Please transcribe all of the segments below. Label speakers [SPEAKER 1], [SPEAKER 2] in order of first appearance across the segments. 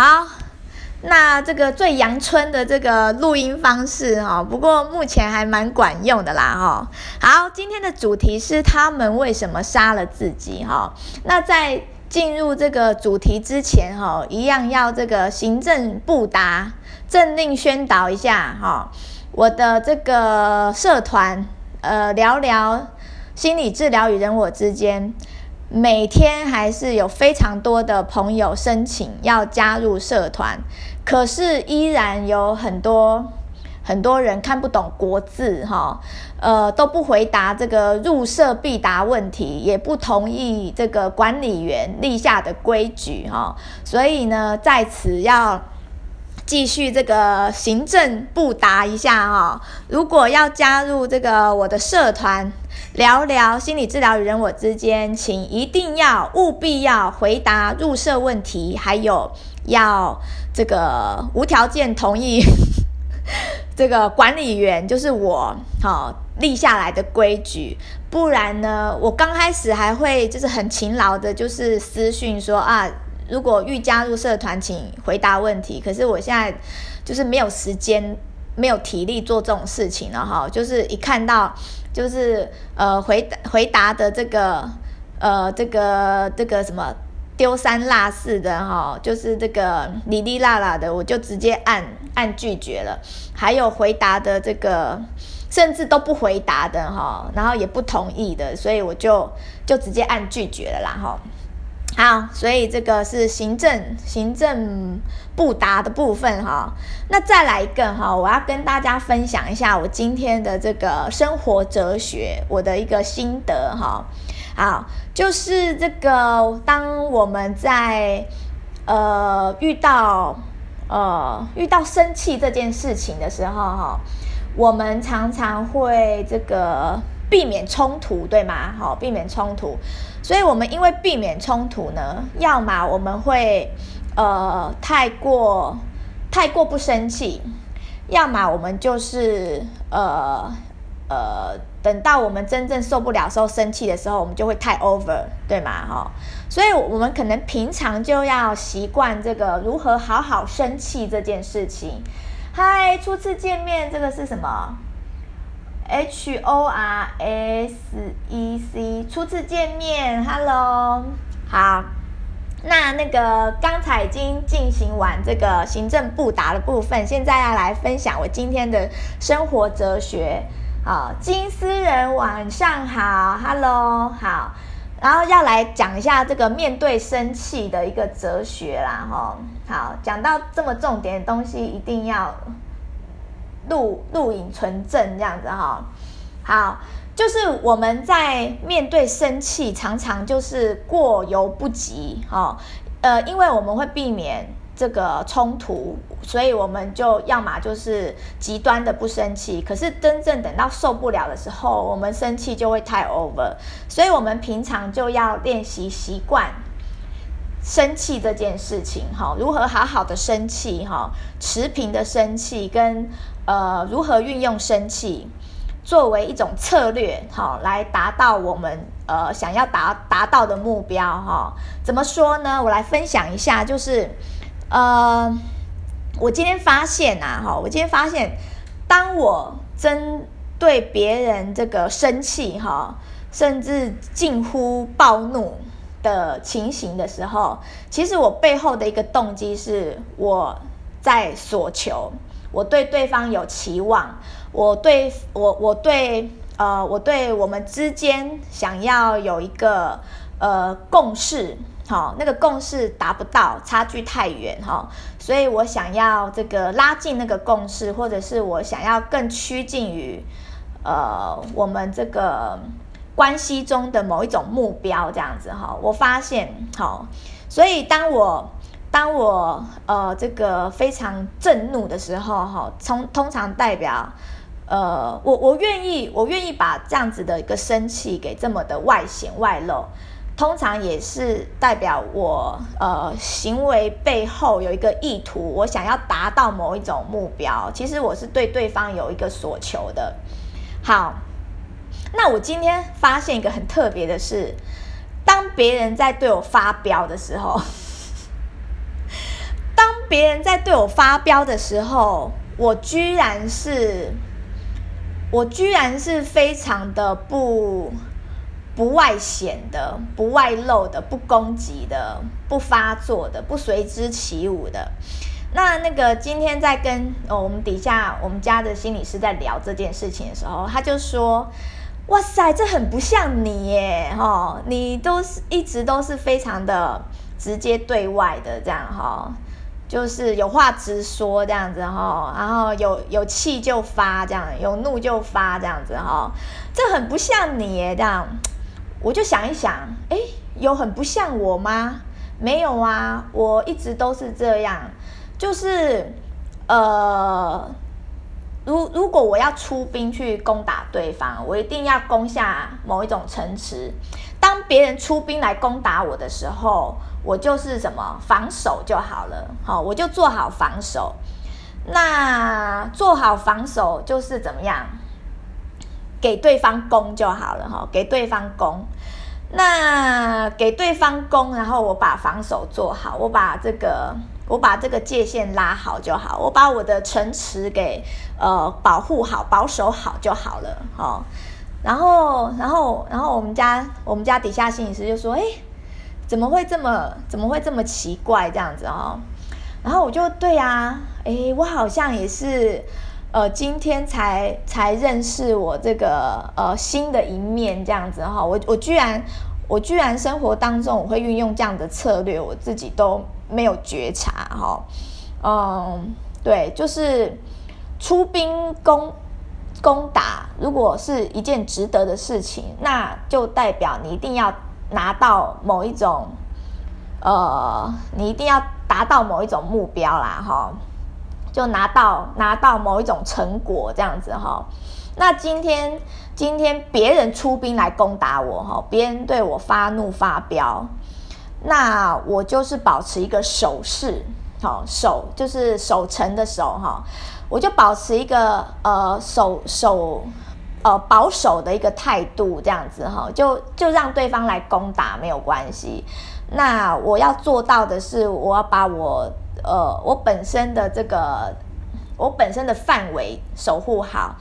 [SPEAKER 1] 好，那這個最陽春的這個錄音方式哈，不過目前還蠻管用的啦哈。好，今天的主題是她們為什麼殺了自己哈。那在進入這個主題之前哈，一樣要這個行政布達政令宣導一下哈。我的這個社團呃聊聊心理治療與人我之間。每天還是有非常多的朋友申請要加入社團，可是依然有很多很多人看不懂國字哈、哦，呃都不回答這個入社必答問題，也不同意這個管理員立下的規矩哈、哦，所以呢在此要。繼續這個行政布達，一下哈、哦，如果要加入這個我的社團，聊聊心理治療與人我之間，請一定要務必要回答入社問題，還有要這個無條件同意這個管理員，就是我哈、哦、立下來的規矩，不然呢，我剛開始還會就是很勤勞的，就是私訊說啊。如果欲加入社團，請回答問題。可是我現在就是沒有時間、沒有體力做這種事情了哈。就是一看到就是呃回回答的這個呃這個這個什麼丟三落四的哈，就是這個哩哩啦啦的，我就直接按按拒絕了。還有回答的這個甚至都不回答的哈，然後也不同意的，所以我就就直接按拒絕了啦哈。好，所以這個是行政行政不答的部分哈。那再來一個哈，我要跟大家分享一下我今天的這個生活哲學，我的一個心得哈。好，就是這個當我們在呃遇到呃遇到生氣這件事情的時候哈，我們常常會這個避免衝突，對嗎？好，避免衝突。所以，我們因為避免衝突呢，要麼我們會，呃，太過，太過不生氣；要麼我們就是，呃，呃，等到我們真正受不了的時候生氣的時候，我們就會太 over，對嗎？哈，所以，我們可能平常就要習慣這個如何好好生氣這件事情。嗨，初次見面，這個是什麼？H O R S E C，初次見面，Hello，好。那那個剛才已經進行完這個行政布達的部分，現在要來分享我今天的生活哲學。好，金絲人晚上好，Hello，好。然後要來講一下這個面對生氣的一個哲學啦，吼，好，講到這麼重點的東西，一定要。錄錄影存證這樣子哈，好，就是我們在面對生氣，常常就是過猶不及哈、哦，呃，因為我們會避免這個衝突，所以我們就要麼就是極端的不生氣，可是真正等到受不了的時候，我們生氣就會太 over，所以我們平常就要練習習慣生氣這件事情哈、哦，如何好好的生氣哈、哦，持平的生氣跟。呃，如何運用生氣作為一種策略，好、哦、來達到我們呃想要達達到的目標？哈、哦，怎麼說呢？我來分享一下，就是呃，我今天發現啊，哈、哦，我今天發現，當我針對別人這個生氣，哈、哦，甚至近乎暴怒的情形的時候，其實我背後的一個動機是我在索求。.我對對方有期望，我對我我對呃，我對我們之間想要有一個呃共識，好，那個共識達不到，差距太遠哈，所以我想要這個拉近那個共識，或者是我想要更趨近於呃我們這個關係中的某一種目標這樣子哈，我發現，好，所以當我。當我呃這個非常震怒的時候，哈，通通常代表呃我我願意我願意把這樣子的一個生氣給這麼的外顯外露，通常也是代表我呃行為背後有一個意圖，我想要達到某一種目標。其實我是對對方有一個索求的。好，那我今天發現一個很特別的事，當別人在對我發飆的時候。別人在對我發飆的時候，我居然是，我居然是非常的不不外顯的、不外露的、不攻擊的、不發作的、不隨之起舞的。那那個今天在跟，哦，我們底下我們家的心理師在聊這件事情的時候，他就說：“哇塞，這很不像你耶！哈，哦，你都是一直都是非常的直接對外的這樣哈。哦”就是有話直說這樣子哈、哦，然後有有氣就發這樣，有怒就發這樣子哈、哦，這很不像你耶。這樣我就想一想，哎，有很不像我嗎？沒有啊，我一直都是這樣。就是呃，如如果我要出兵去攻打對方，我一定要攻下某一種城池。當別人出兵來攻打我的時候。我就是什麼防守就好了，好，我就做好防守。那做好防守就是怎麼樣？給對方攻就好了，哈，給對方攻。那給對方攻，然後我把防守做好，我把這個我把這個界限拉好就好，我把我的城池給呃保護好、保守好就好了，哈。然後，然後，然後我們家我們家底下心理師就說，哎。怎麼會這麼怎麼會這麼奇怪這樣子哦？然後我就對啊，誒，我好像也是，呃，今天才才認識我這個呃新的一面這樣子哈。我我居然我居然生活當中我會運用這樣的策略，我自己都沒有覺察哈。嗯，對，就是出兵攻攻打，如果是一件值得的事情，那就代表你一定要。拿到某一種，呃，你一定要達到某一種目標啦，哈、哦，就拿到拿到某一種成果這樣子哈、哦。那今天今天別人出兵來攻打我哈、哦，別人對我發怒發飆，那我就是保持一個守勢，好、哦、守就是守城的守。哈、哦，我就保持一個呃守守。守呃，保守的一個態度，這樣子哈，就就讓對方來攻打沒有關係。那我要做到的是，我要把我呃我本身的這個我本身的範圍守護好，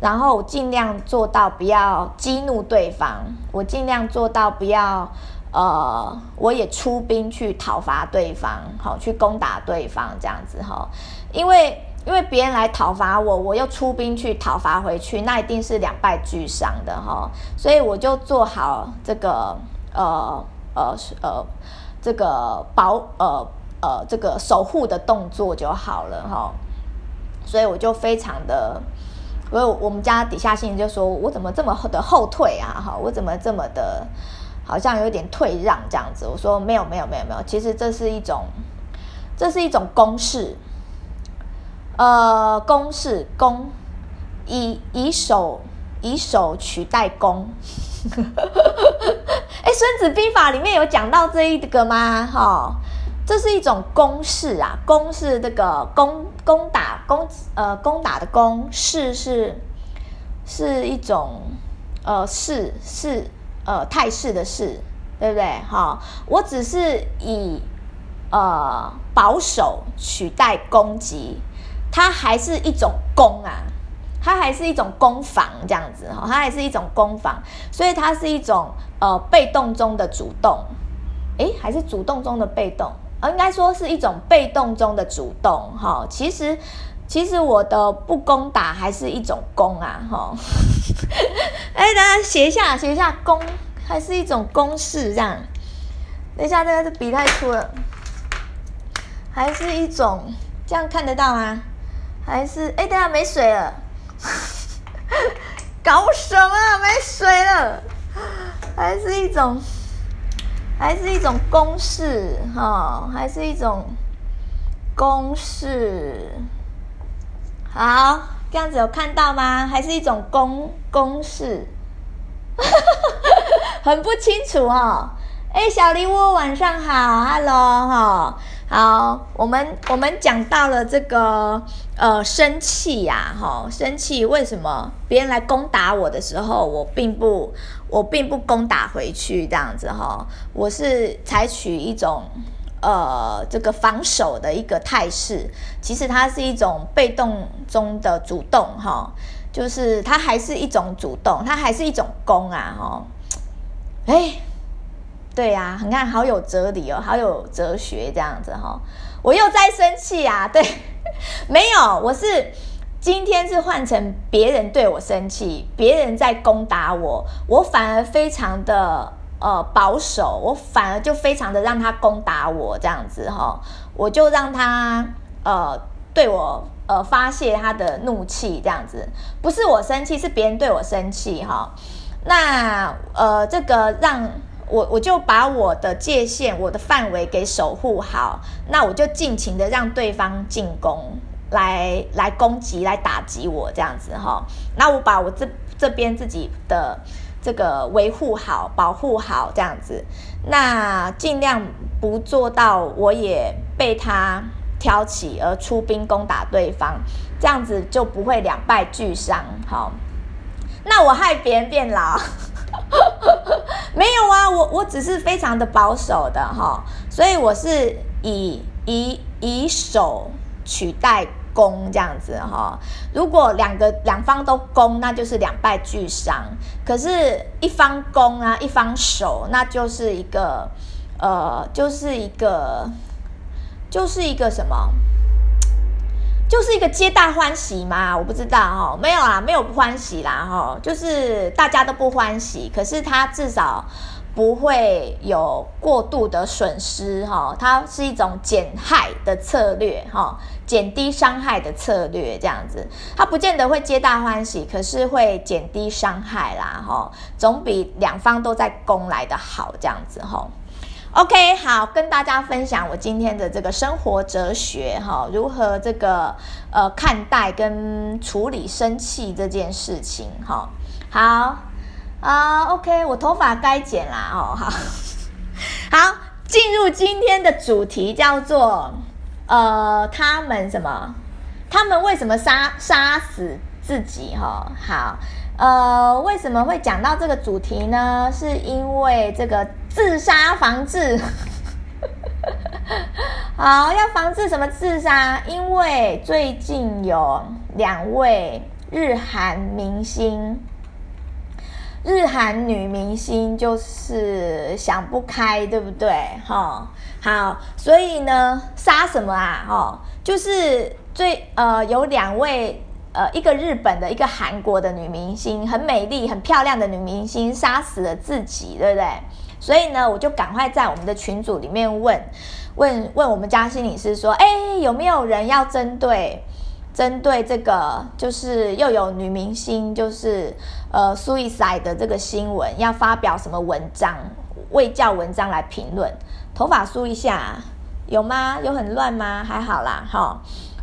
[SPEAKER 1] 然後盡量做到不要激怒對方，我盡量做到不要呃，我也出兵去討伐對方，好去攻打對方這樣子哈，因為。因為別人來討伐我，我又出兵去討伐回去，那一定是兩敗俱傷的哈。所以我就做好這個呃呃呃這個保呃呃這個守護的動作就好了哈。所以我就非常的，我我們家底下信就說，我怎麼這麼的後退啊？哈，我怎麼這麼的，好像有點退讓這樣子？我說沒有沒有沒有沒有，其實這是一種，這是一種攻勢。呃，攻勢，攻，以以守以守取代攻。哎、 欸，《孫子兵法》裡面有講到這一個嗎？哈、哦，這是一種攻勢啊，攻是這個攻攻打攻呃攻打的攻，勢是是一種呃勢是呃態勢的勢，對不對？哈、哦，我只是以呃保守取代攻擊。它還是一種攻啊，它還是一種攻防這樣子哈，它還是一種攻防，所以它是一種呃被動中的主動，誒，還是主動中的被動啊、哦，應該說是一種被動中的主動哈、哦。其實，其實我的不攻打還是一種攻啊哈。哎、哦，大家 寫一下，寫一下攻還是一種攻勢這樣。等一下，這個是筆太粗了，還是一種這樣看得到嗎？還是哎、欸，等下沒水了， 搞什麼、啊？沒水了，還是一種，還是一種公式哈、哦，還是一種公式。好，這樣子有看到嗎？還是一種公公式， 很不清楚哦。哎、欸，小禮物晚上好，Hello 好哈、哦，好，我們我們講到了這個。呃，生氣呀，哈，生氣為什麼別人來攻打我的時候，我並不，我並不攻打回去，這樣子哈，我是採取一種呃，這個防守的一個態勢，其實它是一種被動中的主動，哈，就是它還是一種主動，它還是一種攻啊，哈，哎。對呀，很看好有哲理哦，好有哲學這樣子哈。我又在生氣啊，對，沒有，我是今天是換成別人對我生氣，別人在攻打我，我反而非常的呃保守，我反而就非常的讓他攻打我這樣子哈，我就讓他呃對我呃發洩他的怒氣這樣子，不是我生氣，是別人對我生氣哈。那呃這個讓。我我就把我的界限、我的範圍給守護好，那我就盡情的讓對方進攻，來來攻擊、來打擊我這樣子哈。那、哦、我把我這這邊自己的這個維護好、保護好這樣子，那盡量不做到我也被他挑起而出兵攻打對方，這樣子就不會兩敗俱傷。好、哦，那我害別人變老， 沒有。我我只是非常的保守的哈、哦，所以我是以以以守取代攻這樣子哈、哦。如果兩個兩方都攻，那就是兩敗俱傷。可是，一方攻啊，一方守，那就是一個呃，就是一個就是一個什麼，就是一個皆大歡喜嘛？我不知道哈、哦，沒有啦，沒有不歡喜啦哈、哦，就是大家都不歡喜。可是他至少。不會有過度的損失哈、哦，它是一種減害的策略哈、哦，減低傷害的策略這樣子，它不見得會皆大歡喜，可是會減低傷害啦哈、哦，總比兩方都在攻來得好這樣子哈、哦。OK，好，跟大家分享我今天的這個生活哲學哈、哦，如何這個呃看待跟處理生氣這件事情哈、哦。好。啊，uh，OK，我頭髮該剪啦，哦，好，好，進入今天的主題叫做，呃，她們什麼？她們為什麼殺殺死自己？哈，哦，好，呃，為什麼會講到這個主題呢？是因為這個自殺防治，呵呵，好，要防治什麼自殺？因為最近有兩位日韓明星。日韓女明星就是想不開，對不對？哈、哦，好，所以呢，殺什麼啊？哈、哦，就是最呃，有兩位呃，一個日本的，一個韓國的女明星，很美麗、很漂亮的女明星，殺死了自己，對不對？所以呢，我就趕快在我們的群組裡面問，問問我們家心理師說，誒，有沒有人要針對？針對這個，就是又有女明星，就是呃，suicide 的這個新聞，要發表什麼文章，未叫文章來評論，頭髮梳一下，有嗎？有很亂嗎？還好啦，哈、哦，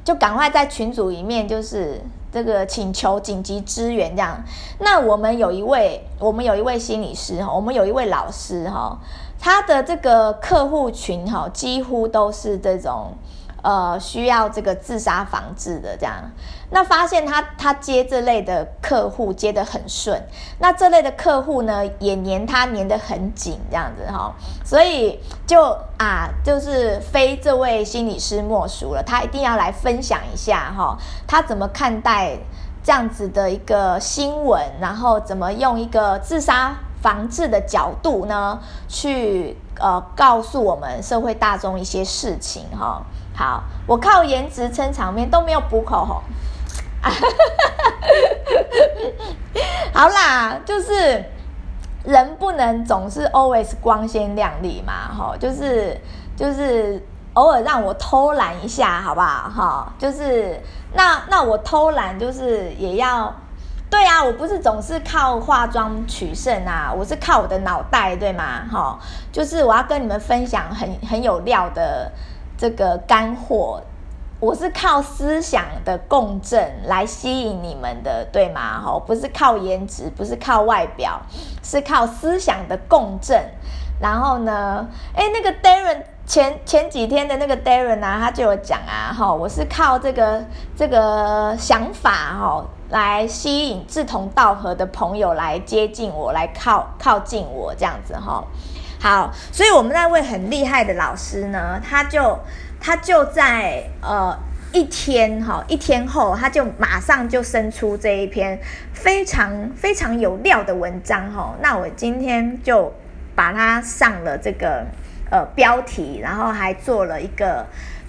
[SPEAKER 1] 就趕快在群組裡面，就是這個請求緊急支援這樣。那我們有一位，我們有一位心理師哈，我們有一位老師哈，他的這個客戶群哈，幾乎都是這種。呃，需要這個自殺防治的這樣，那發現他他接這類的客戶接得很順，那這類的客戶呢也黏他黏得很緊，這樣子哈、哦，所以就啊，就是非這位心理師莫屬了，他一定要來分享一下哈、哦，他怎麼看待這樣子的一個新聞，然後怎麼用一個自殺防治的角度呢，去呃告訴我們社會大眾一些事情哈。哦好，我靠顏值撐場面都沒有補口紅， 好啦，就是人不能總是 always 光鮮亮麗嘛，哈，就是就是偶爾讓我偷懶一下，好不好？哈，就是那那我偷懶就是也要，對啊，我不是總是靠化妝取勝啊，我是靠我的腦袋，對嗎？哈，就是我要跟你們分享很很有料的。這個乾貨，我是靠思想的共振來吸引你們的，對嗎？吼、哦，不是靠顏值，不是靠外表，是靠思想的共振。然後呢，誒，那個 Darren 前前幾天的那個 Darren 呢、啊，他就有講啊，吼、哦，我是靠這個這個想法、哦，吼。來吸引志同道合的朋友來接近我，來靠靠近我這樣子哈。好，所以我們那位很厲害的老師呢，他就他就在呃一天哈一天後，他就馬上就生出這一篇非常非常有料的文章哈。那我今天就把它上了這個呃標題，然後還做了一個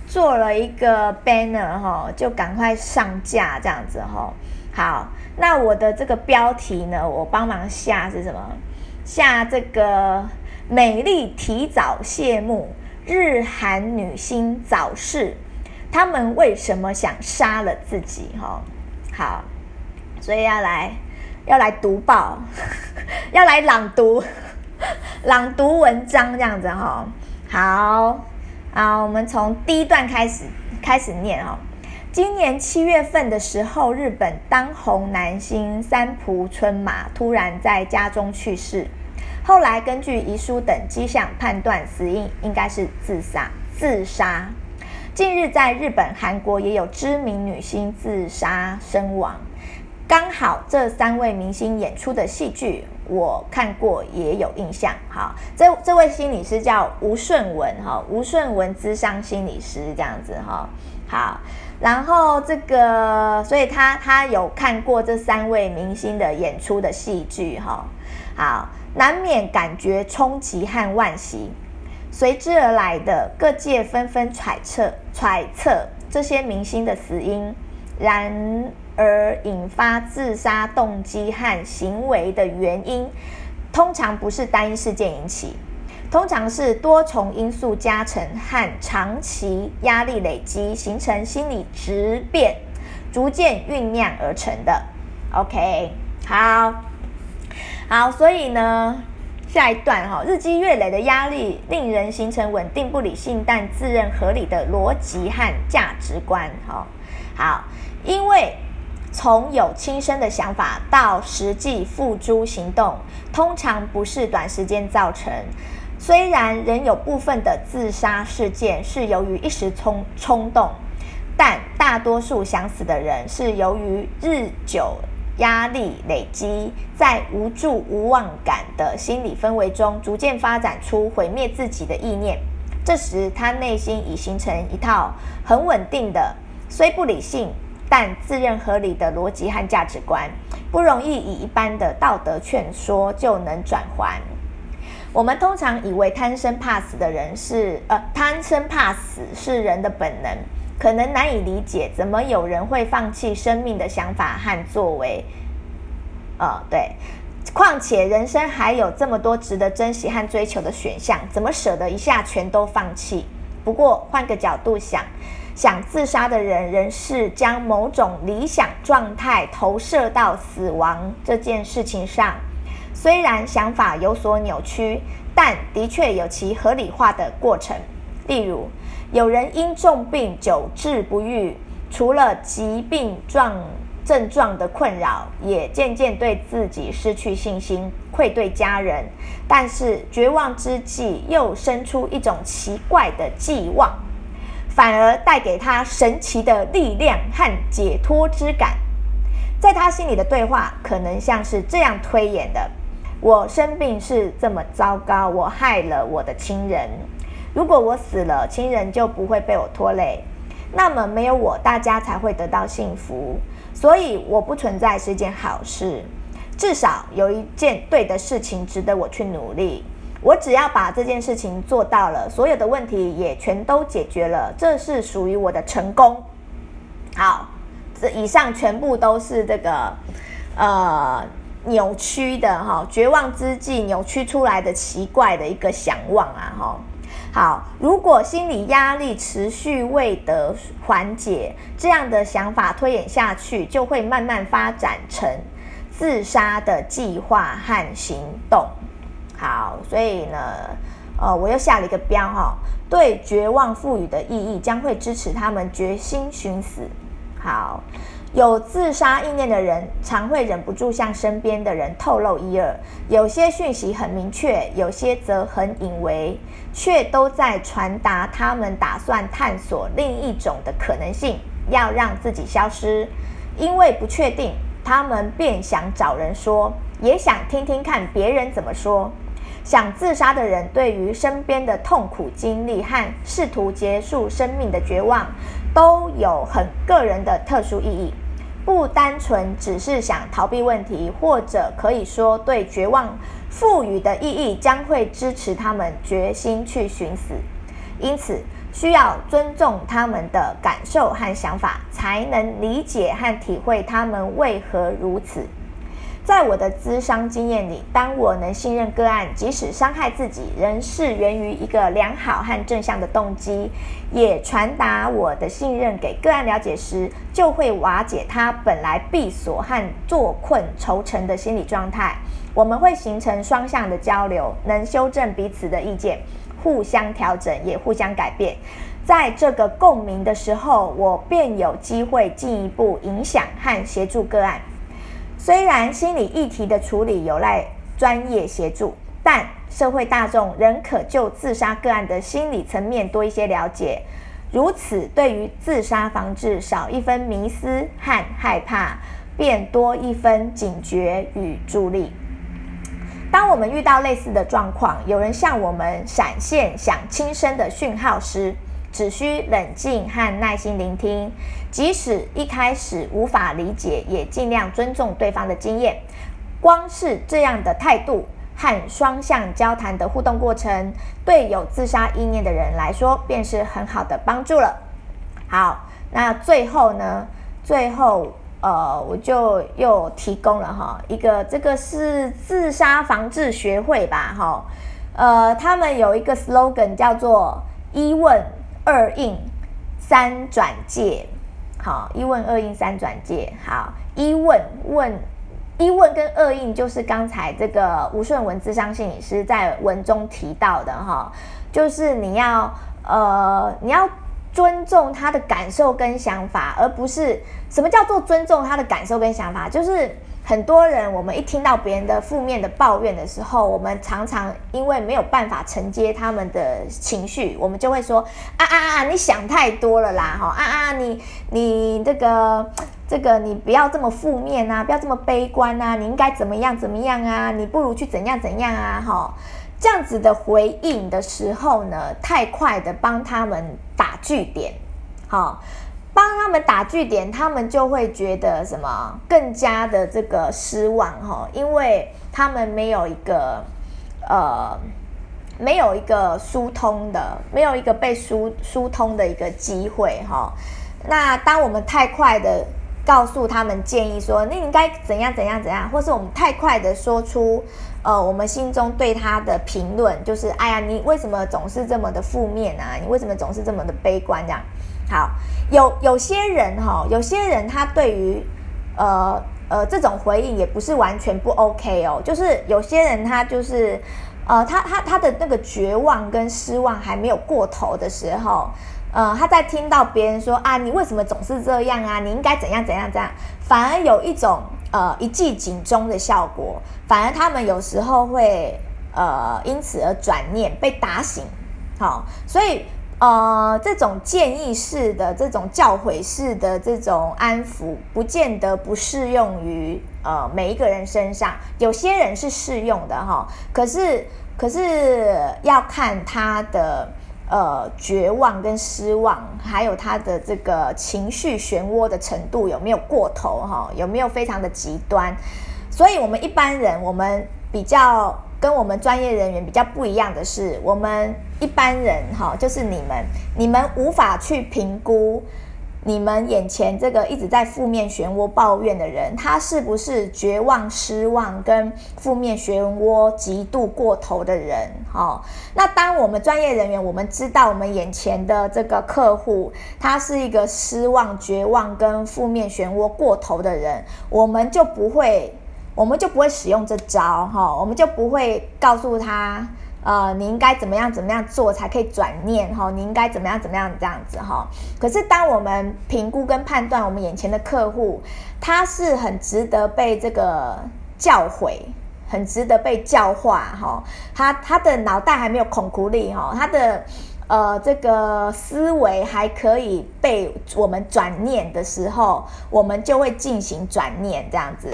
[SPEAKER 1] 做了一個 banner 哈，就趕快上架這樣子哈。好，那我的這個標題呢？我幫忙下是什麼？下這個美麗提早謝幕，日韓女星早逝，她們為什麼想殺了自己？哈、哦，好，所以要來要來讀報，呵呵要來朗讀朗讀文章這樣子哈、哦。好，啊，我們從第一段開始開始念哦。今年七月份的時候，日本當紅男星三浦春馬突然在家中去世，後來根據遺書等跡象判斷，死因應該是自殺。自殺。近日在日本、韓國也有知名女星自殺身亡，剛好這三位明星演出的戲劇我看過，也有印象。哈，這這位心理師叫吳順文，哈，吳順文諮商心理師這樣子，哈，好。然後這個，所以他他有看過這三位明星的演出的戲劇哈、哦，好，難免感覺衝擊和惋惜。隨之而來的，各界紛紛揣測揣測這些明星的死因。然而，引發自殺動機和行為的原因，通常不是單一事件引起。通常是多重因素加成和長期壓力累積形成心理質變，逐漸醞釀而成的。OK，好好，所以呢，下一段哈、哦，日積月累的壓力令人形成穩定不理性但自認合理的邏輯和價值觀。哈，好，因為從有輕生的想法到實際付諸行動，通常不是短時間造成。雖然仍有部分的自殺事件是由於一時衝衝動，但大多數想死的人是由於日久壓力累積，在無助無望感的心理氛圍中，逐漸發展出毀滅自己的意念。這時，他內心已形成一套很穩定的，雖不理性但自認合理的邏輯和價值觀，不容易以一般的道德勸說就能轉圜。我們通常以為貪生怕死的人是，呃，貪生怕死是人的本能，可能難以理解，怎麼有人會放棄生命的想法和作為？呃，對，況且人生還有這麼多值得珍惜和追求的選項，怎麼捨得一下全都放棄？不過換個角度想，想自殺的人，仍是將某種理想狀態投射到死亡這件事情上。雖然想法有所扭曲，但的確有其合理化的過程。例如，有人因重病久治不癒，除了疾病狀症狀的困擾，也漸漸對自己失去信心，愧對家人。但是絕望之際，又生出一種奇怪的寄望，反而帶給他神奇的力量和解脫之感。在他心裡的對話，可能像是這樣推演的。我生病是這麼糟糕，我害了我的親人。如果我死了，親人就不會被我拖累。那麼沒有我，大家才會得到幸福。所以，我不存在是一件好事。至少有一件對的事情值得我去努力。我只要把這件事情做到了，所有的問題也全都解決了，這是屬於我的成功。好，這以上全部都是這個，呃。扭曲的哈、哦，絕望之際扭曲出來的奇怪的一個想望啊哈、哦。好，如果心理壓力持續未得緩解，這樣的想法推演下去，就會慢慢發展成自殺的計劃和行動。好，所以呢，哦、我又下了一個標哈、哦，對絕望賦予的意義將會支持他們決心尋死。好。有自殺意念的人常會忍不住向身邊的人透露一二，有些訊息很明確，有些則很隱微，卻都在傳達他們打算探索另一種的可能性，要讓自己消失。因為不確定，他們便想找人說，也想聽聽看別人怎麼說。想自殺的人對於身邊的痛苦經歷和試圖結束生命的絕望，都有很個人的特殊意義。不單純只是想逃避問題，或者可以說對絕望賦予的意義，將會支持他們決心去尋死。因此，需要尊重他們的感受和想法，才能理解和體會他們為何如此。在我的諮商經驗裡，當我能信任個案，即使傷害自己，仍是源於一個良好和正向的動機，也傳達我的信任給個案了解時，就會瓦解他本來閉鎖和坐困愁城的心理狀態。我們會形成雙向的交流，能修正彼此的意見，互相調整，也互相改變。在這個共鳴的時候，我便有機會進一步影響和協助個案。雖然心理議題的處理有賴專業協助，但社會大眾仍可就自殺個案的心理層面多一些了解。如此，對於自殺防治少一分迷思和害怕，便多一分警覺與助力。當我們遇到類似的狀況，有人向我們閃現想輕生的訊號時，只需冷靜和耐心聆聽，即使一開始無法理解，也盡量尊重對方的經驗。光是這樣的態度和雙向交談的互動過程，對有自殺意念的人來說，便是很好的幫助了。好，那最後呢？最後，呃，我就又提供了哈一個，這個是自殺防治學會吧，哈，呃，他們有一個 slogan 叫做“一問”。二應，三轉介，好。一問二應三轉介，好。一問問，一問跟二應就是剛才這個吳順文諮商心理師在文中提到的哈，就是你要呃，你要尊重他的感受跟想法，而不是什麼叫做尊重他的感受跟想法，就是。很多人，我們一聽到別人的負面的抱怨的時候，我們常常因為沒有辦法承接他們的情緒，我們就會說啊啊啊，啊，你想太多了啦，吼，「啊啊，你你這個這個，你不要這麼負面吶，不要這麼悲觀吶，你應該怎麼樣怎麼樣啊，你不如去怎樣怎樣啊，吼，這樣子的回應的時候呢，太快的幫他們打句點，好。當他們打據點，他們就會覺得什麼更加的這個失望齁，因為他們沒有一個呃沒有一個疏通的，沒有一個被疏疏通的一個機會齁。那當我們太快的告訴他們建議說，那應該怎樣怎樣怎樣，或是我們太快的說出呃我們心中對他的評論，就是哎呀，你為什麼總是這麼的負面啊？你為什麼總是這麼的悲觀這樣？好，有有些人哈、哦，有些人他對於，呃呃，這種回應也不是完全不 OK 哦，就是有些人他就是，呃，他他他的那個絕望跟失望還沒有過頭的時候，呃，他在聽到別人說啊，你為什麼總是這樣啊？你應該怎樣怎樣怎樣？反而有一種呃一記警鐘的效果，反而他們有時候會呃因此而轉念被打醒，好，所以。呃，這種建議式的，這種教誨式的，這種安撫，不見得不適用於呃每一個人身上。有些人是適用的哈，可是可是要看他的呃絕望跟失望，還有他的這個情緒漩渦的程度有沒有過頭哈，有沒有非常的極端。所以，我們一般人，我們比較。跟我們專業人員比較不一樣的是，我們一般人哈，就是你們，你們無法去評估你們眼前這個一直在負面漩渦抱怨的人，他是不是絕望、失望跟負面漩渦極度過頭的人？哈，那當我們專業人員，我們知道我們眼前的這個客戶，他是一個失望、絕望跟負面漩渦過頭的人，我們就不會。我們就不會使用這招哈、哦，我們就不會告訴他，呃，你應該怎麼樣怎麼樣做才可以轉念哈、哦，你應該怎麼樣怎麼樣這樣子哈、哦。可是當我們評估跟判斷我們眼前的客戶，他是很值得被這個教誨，很值得被教化哈、哦。他他的腦袋還沒有孔鼓力哈，他的。呃，這個思維還可以被我們轉念的時候，我們就會進行轉念，這樣子。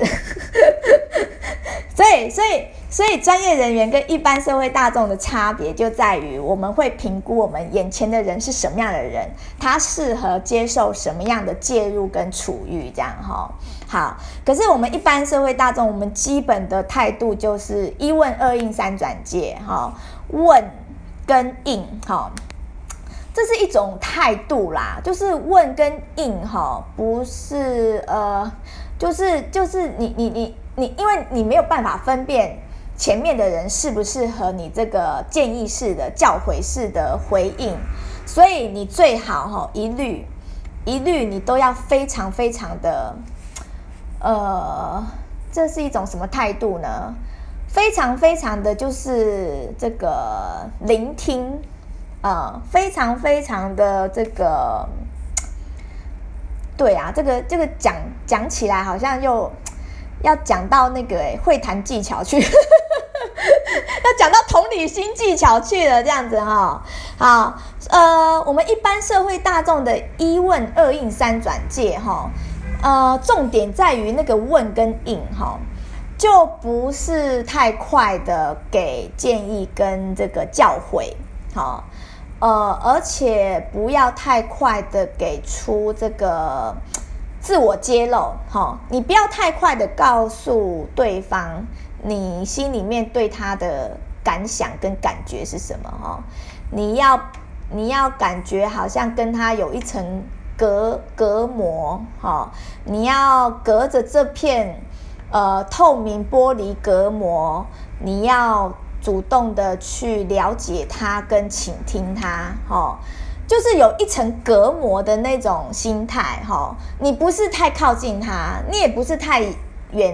[SPEAKER 1] 所以，所以，所以，專業人員跟一般社會大眾的差別就在於，我們會評估我們眼前的人是什麼樣的人，他適合接受什麼樣的介入跟處遇，這樣哈。好，可是我們一般社會大眾，我們基本的態度就是一問二應三轉介，哈，問跟應，哈。這是一種態度啦，就是問跟應哈、哦，不是呃，就是就是你你你你，因為你沒有辦法分辨，前面的人適不適合你這個建議式的教誨式的回應，所以你最好哈、哦，一律一律你都要非常非常的，呃，這是一種什麼態度呢？非常非常的就是這個聆聽。呃、嗯，非常非常的這個，對啊，這個這個講講起來好像又要講到那個、欸、會談技巧去， 要講到同理心技巧去了，這樣子哈、哦。好，呃，我們一般社會大眾的一問二應三轉介哈、哦，呃，重點在於那個問跟應哈、哦，就不是太快的給建議跟這個教誨好。哦呃，而且不要太快的給出這個自我揭露，哈、哦，你不要太快的告訴對方你心裡面對他的感想跟感覺是什麼，哈、哦，你要你要感覺好像跟他有一層隔隔膜，哈、哦，你要隔着這片呃透明玻璃隔膜，你要。主動的去了解他跟傾聽他，哈、哦，就是有一層隔膜的那種心態，哈、哦，你不是太靠近他，你也不是太遠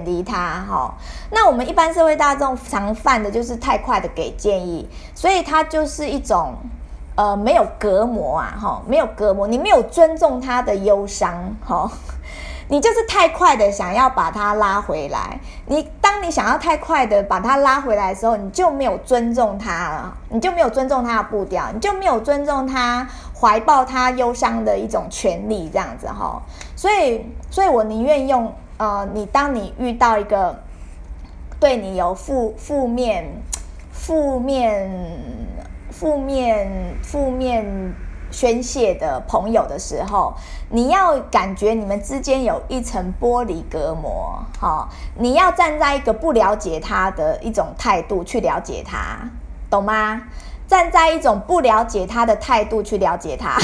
[SPEAKER 1] 離他，哈、哦。那我們一般社會大眾常犯的就是太快的給建議，所以他就是一種，呃，沒有隔膜啊，哈、哦，沒有隔膜，你沒有尊重他的憂傷，哈、哦。你就是太快的想要把他拉回來，你當你想要太快的把他拉回來的時候，你就沒有尊重他了，你就沒有尊重他的步調，你就沒有尊重他懷抱他憂傷的一種權利，這樣子哈。所以，所以我寧願用呃，你當你遇到一個對你有負負面、負面、負面、負面。宣洩的朋友的時候，你要感覺你們之間有一層玻璃隔膜，哦，你要站在一個不了解他的一種態度去了解他，懂嗎？站在一種不了解他的態度去了解他，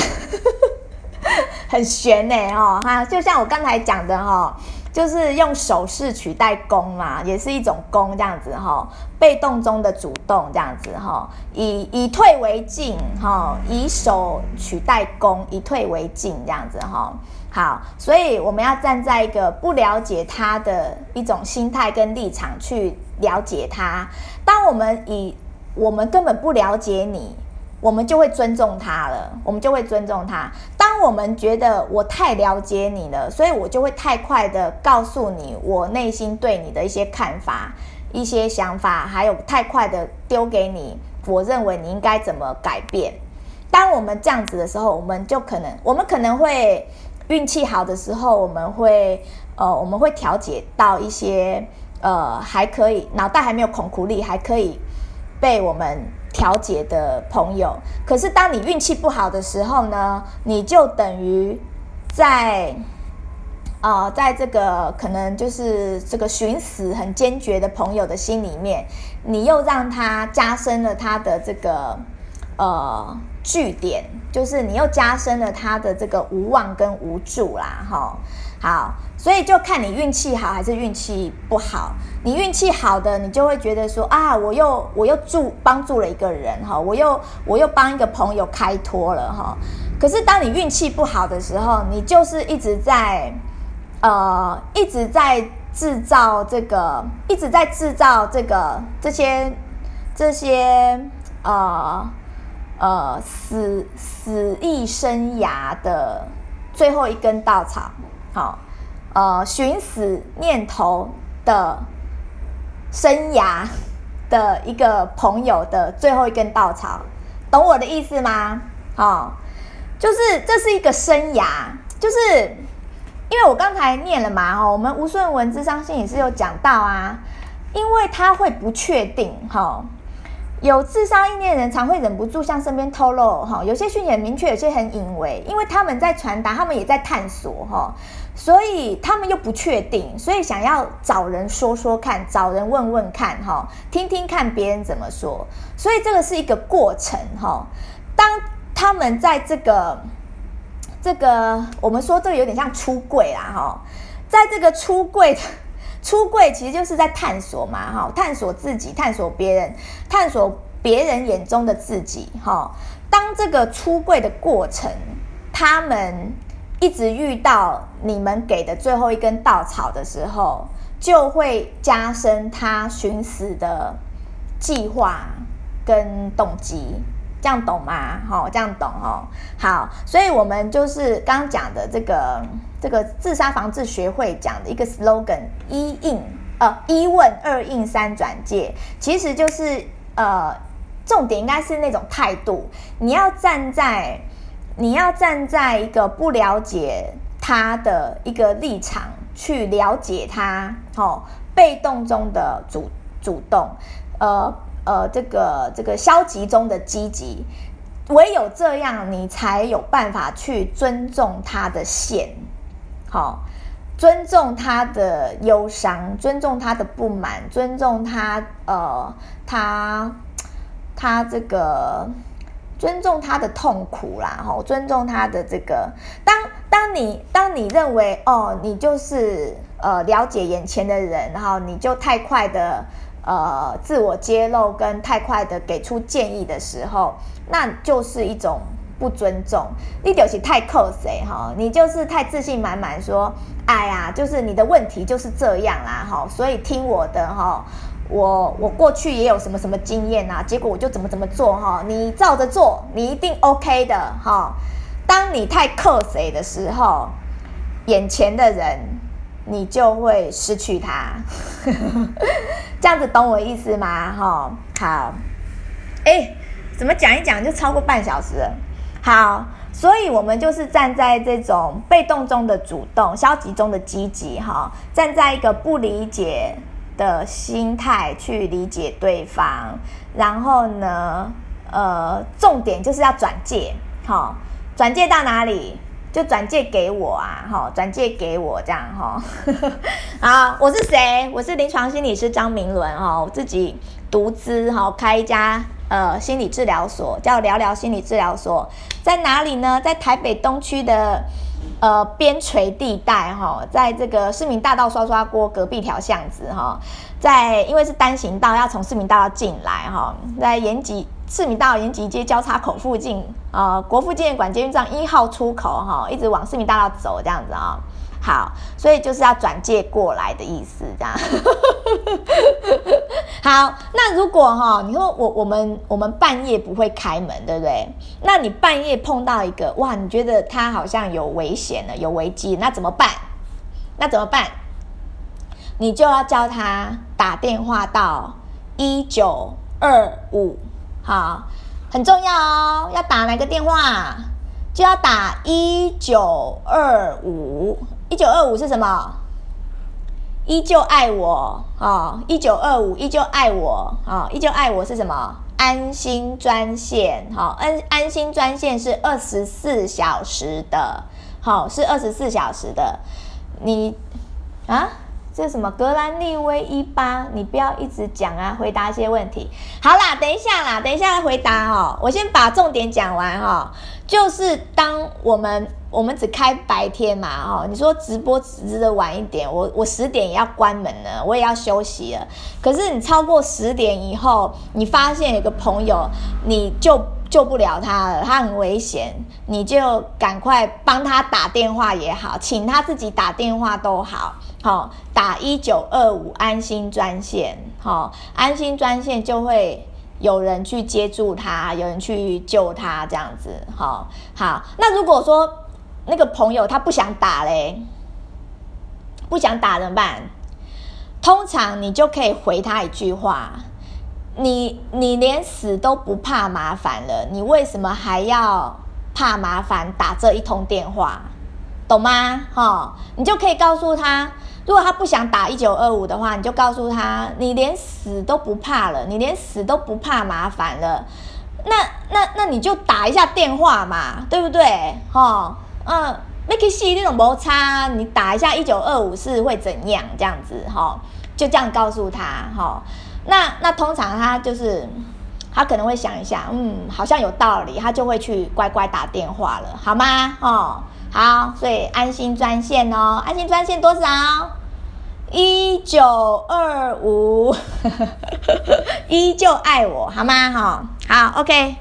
[SPEAKER 1] 很玄呢，欸，哈，哦，就像我剛才講的，哈。就是用手勢取代攻嘛，也是一種攻這樣子哦，被動中的主動這樣子哦，以以退為進哦，以手取代攻，以退為進這樣子哦。好，所以我們要站在一個不了解他的一種心態跟立場去了解他。當我們以我們根本不了解你。我們就會尊重他了，我們就會尊重他。當我們覺得我太了解你了，所以我就會太快的告訴你我內心對你的一些看法、一些想法，還有太快的丟給你，我認為你應該怎麼改變。當我們這樣子的時候，我們就可能，我們可能會運氣好的時候，我們會呃，我們會調節到一些呃，還可以，腦袋還沒有孔固力，還可以被我們。調解的朋友，可是當你運氣不好的時候呢，你就等於在，呃，在這個可能就是這個尋死很堅決的朋友的心裡面，你又讓他加深了他的這個呃據點，就是你又加深了他的這個無望跟無助啦，哈、哦，好。所以就看你運氣好還是運氣不好。你運氣好的，你就會覺得說啊，我又我又助幫助了一個人哈，我又我又幫一個朋友開脫了哈。可是當你運氣不好的時候，你就是一直在，呃，一直在製造這個，一直在製造這個這些這些呃呃死死意生涯的最後一根稻草，好、哦。呃，尋死念頭的生涯的一個朋友的最後一根稻草，懂我的意思嗎？哦，就是這是一個生涯，就是因為我剛才念了嘛，哦，我們無順文諮商心也是有講到啊，因為他會不確定，哈、哦。有自殺意念的人常會忍不住向身邊透露，哈、哦，有些訊息很明確，有些很隱微，因為他們在傳達，他們也在探索，哈、哦，所以他們又不確定，所以想要找人說說看，找人問問看，哈、哦，聽聽看別人怎麼說，所以這個是一個過程，哈、哦，當他們在這個這個，我們說這個有點像出櫃啊哈，在這個出櫃的。出櫃其實就是在探索嘛，哈，探索自己，探索別人，探索別人眼中的自己，哈。當這個出櫃的過程，他們一直遇到你們給的最後一根稻草的時候，就會加深他尋死的計劃跟動機，這樣懂嗎？好，這樣懂哈、哦，好，所以我們就是剛剛講的這個。這個自殺防治學會講的一個 slogan：一應呃一問二應三轉介，其實就是呃重點應該是那種態度，你要站在你要站在一個不了解他的一個立場去了解他，哦，被動中的主主動，呃呃這個這個消極中的積極，唯有這樣你才有辦法去尊重他的線。好，尊重他的憂傷，尊重他的不滿，尊重他呃，他他這個尊重他的痛苦啦，哈、哦，尊重他的這個。當當你當你認為哦，你就是呃了解眼前的人，然後你就太快的呃自我揭露跟太快的給出建議的時候，那就是一種，不尊重，你就是太靠勢哈！你就是太自信滿滿，說哎呀，就是你的問題就是這樣啦哈、哦！所以聽我的哈、哦，我我過去也有什麼什麼經驗啊。結果我就怎麼怎麼做哈、哦，你照着做，你一定 OK 的哈、哦！當你太靠勢的時候，眼前的人你就會失去他，呵呵這樣子懂我意思嗎？哦、好，哎，怎麼講一講就超過半小時了？好，所以我們就是站在這種被動中的主動，消極中的積極，哈、哦，站在一個不理解的心態去理解對方，然後呢，呃，重點就是要轉介，好、哦，轉介到哪裡？就轉介給我啊，好、哦，轉介給我這樣，哈、哦，我是誰？我是臨床心理師張明倫，哈、哦，我自己獨資，哈、哦，開一家。呃，心理治療所叫聊聊心理治療所，在哪裡呢？在台北東區的呃邊陲地帶哈，在這個市民大道刷刷鍋隔壁條巷子哈，在因為是單行道，要從市民大道進來哈，在延吉市民大道延吉街交叉口附近啊、呃，國父紀念館捷運站一號出口哈，一直往市民大道走這樣子啊。齁好，所以就是要轉介過來的意思，這樣。 好，那如果哈、哦，你說我我們我們半夜不會開門，對不對？那你半夜碰到一個哇，你覺得他好像有危險了，有危機，那怎麼辦？那怎麼辦？你就要叫他打電話到一九二五，好，很重要哦，要打哪個電話？就要打一九二五。一九二五是什麼？依舊愛我啊！一九二五依舊愛我啊、哦！依舊愛我是什麼？安心專線哈、哦，安安心專線是二十四小時的，好、哦、是二十四小時的。你啊，這是什麼？格蘭利威一八。你不要一直講啊，回答一些問題。好啦，等一下啦，等一下來回答哦。我先把重點講完哈、哦，就是當我們。我們只開白天嘛，哈、哦。你說直播直，直的晚一點，我我十點也要關門了，我也要休息了。可是你超過十點以後，你發現有一個朋友，你救救不了他了，他很危險，你就趕快幫他打電話也好，請他自己打電話都好，好、哦，打一九二五安心專線，好、哦，安心專線就會有人去接住他，有人去救他，這樣子，好、哦，好，那如果說，那個朋友他不想打嘞，不想打怎麼辦？通常你就可以回他一句話：“你你連死都不怕麻煩了，你為什麼還要怕麻煩打這一通電話？懂嗎？哈、哦，你就可以告訴他，如果他不想打一九二五的話，你就告訴他：你連死都不怕了，你連死都不怕麻煩了。那那那你就打一下電話嘛，對不對？哈、哦。”嗯，你去死，你都沒差，你打一下一九二五是會怎樣？這樣子哈、哦，就這樣告訴他哈、哦。那那通常他就是他可能會想一下，嗯，好像有道理，他就會去乖乖打電話了，好嗎？哦，好，所以安心專線哦，安心專線多少？一九二五，依舊愛我，好嗎？哈、哦，好，OK。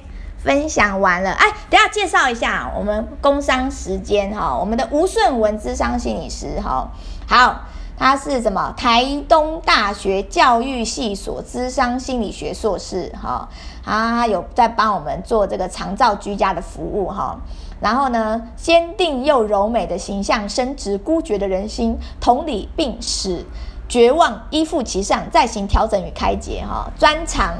[SPEAKER 1] 分享完了，哎，等一下介紹一下我們工商時間哈、哦，我們的吳順文諮商心理師哈、哦，好，他是什麼台東大學教育系所諮商心理學碩士哈、哦，他有在幫我們做這個長照居家的服務哈、哦，然後呢，堅定又柔美的形象，深植孤絕的人心，同理並使絕望依附其上，再行調整與開解哈、哦，專長。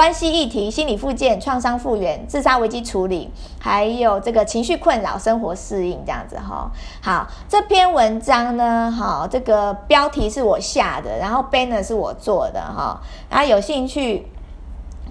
[SPEAKER 1] 關係議題、心理復健、創傷復原、自殺危機處理，還有這個情緒困擾、生活適應這樣子哈。好，這篇文章呢，哈，這個標題是我下的，然後 banner 是我做的哈。然後有興趣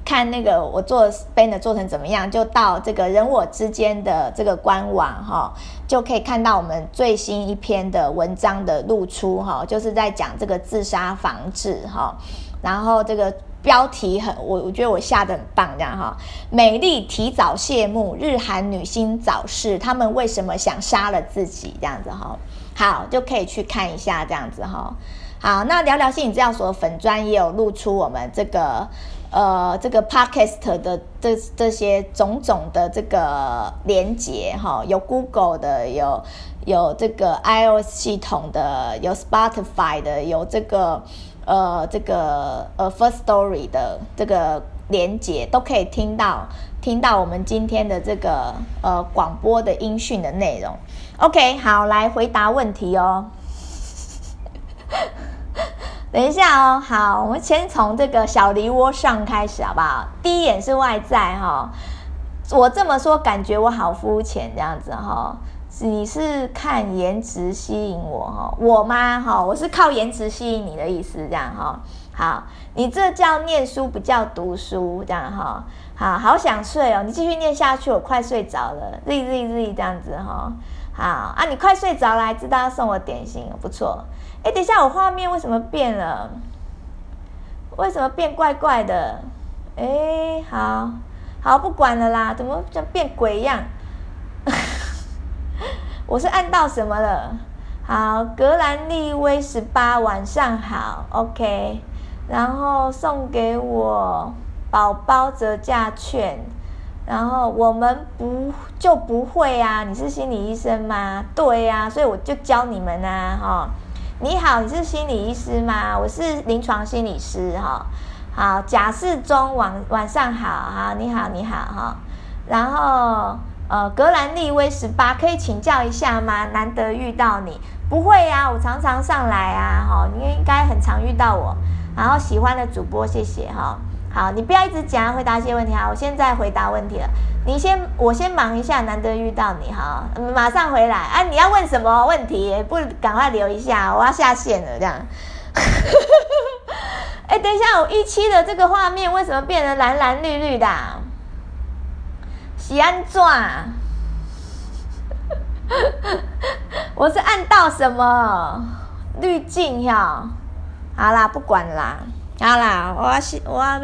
[SPEAKER 1] 看那個我做 banner 做成怎麼樣，就到這個人我之間的這個官網哈，就可以看到我們最新一篇的文章的露出哈，就是在講這個自殺防治哈，然後這個。標題很我我覺得我下得很棒這樣哈，美麗提早謝幕，日韓女星早逝，她們為什麼想殺了自己這樣子哈？好，就可以去看一下這樣子哈。好，那聊聊心理資料所有粉專也有露出我們這個呃這個 podcast 的這這些種種的這個連結哈，有 Google 的，有有這個 iOS 系統的，有 Spotify 的，有這個。呃，這個呃，Firstory 的這個連結都可以聽到，聽到我們今天的這個呃廣播的音訊的內容。OK，好，來回答問題哦。 等一下哦，好，我們先從這個小梨渦上開始，好不好？第一眼是外在哈、哦，我這麼說感覺我好膚淺這樣子哈、哦。你是看顏值吸引我，我嗎，我是靠顏值吸引你的意思，這樣，好，你這叫念書，不叫讀書，這樣，好，好想睡哦，你繼續念下去，我快睡着了。日日日日，這樣子。好啊，你快睡着了，知道要送我點心，不錯。哎，等一下，我畫面為什麼變了？為什麼變怪怪的？哎，好，好，不管了啦，怎麼像變鬼一樣？我是按到什麼了？好，格蘭利威十八，晚上好，OK。然後送給我寶寶折價券。然後我們不就不會啊？你是心理醫生嗎？對呀、啊，所以我就教你們吶、啊，哈、哦。你好，你是心理醫師嗎？我是臨床心理師，哈、哦。好，賈世忠晚晚上好，哈，你好，你好，哈、哦。然後。呃，格蘭利威十八，可以請教一下嗎？難得遇到你，不會呀、啊，我常常上來啊，哈，你應該很常遇到我。然後喜歡的主播，謝謝哈。好，你不要一直講，回答一些問題啊。我現在回答問題了，你先，我先忙一下，難得遇到你哈、嗯，馬上回來。啊，你要問什麼問題？不，趕快留一下，我要下線了這樣。誒、 欸、等一下，我一期的這個畫面為什麼變得藍藍綠綠的、啊？是安怎？是怎啊， 我是按到什麼濾鏡呀？好啦，不管啦，好啦，我是我要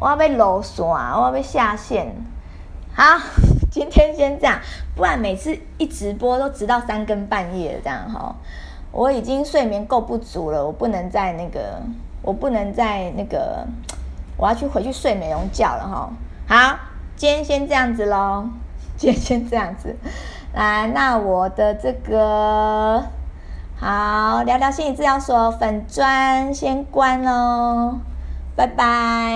[SPEAKER 1] 我要下線，我要下線。好，今天先這樣，不然每次一直播都直到三更半夜這樣哈，喔。我已經睡眠夠不足了，我不能再那個，我不能再那個，我要去回去睡美容覺了哈，喔。好。今天先這樣子嘍，今天先這樣子。來，那我的這個好聊聊心理治療所粉專先關嘍，拜拜。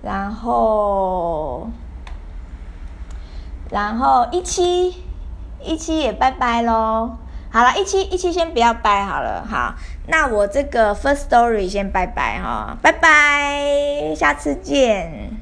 [SPEAKER 1] 然後然後一期一期也拜拜嘍。好了，一期一期先不要拜好了，好，那我這個 Firstory 先拜拜哈，拜拜，下次見。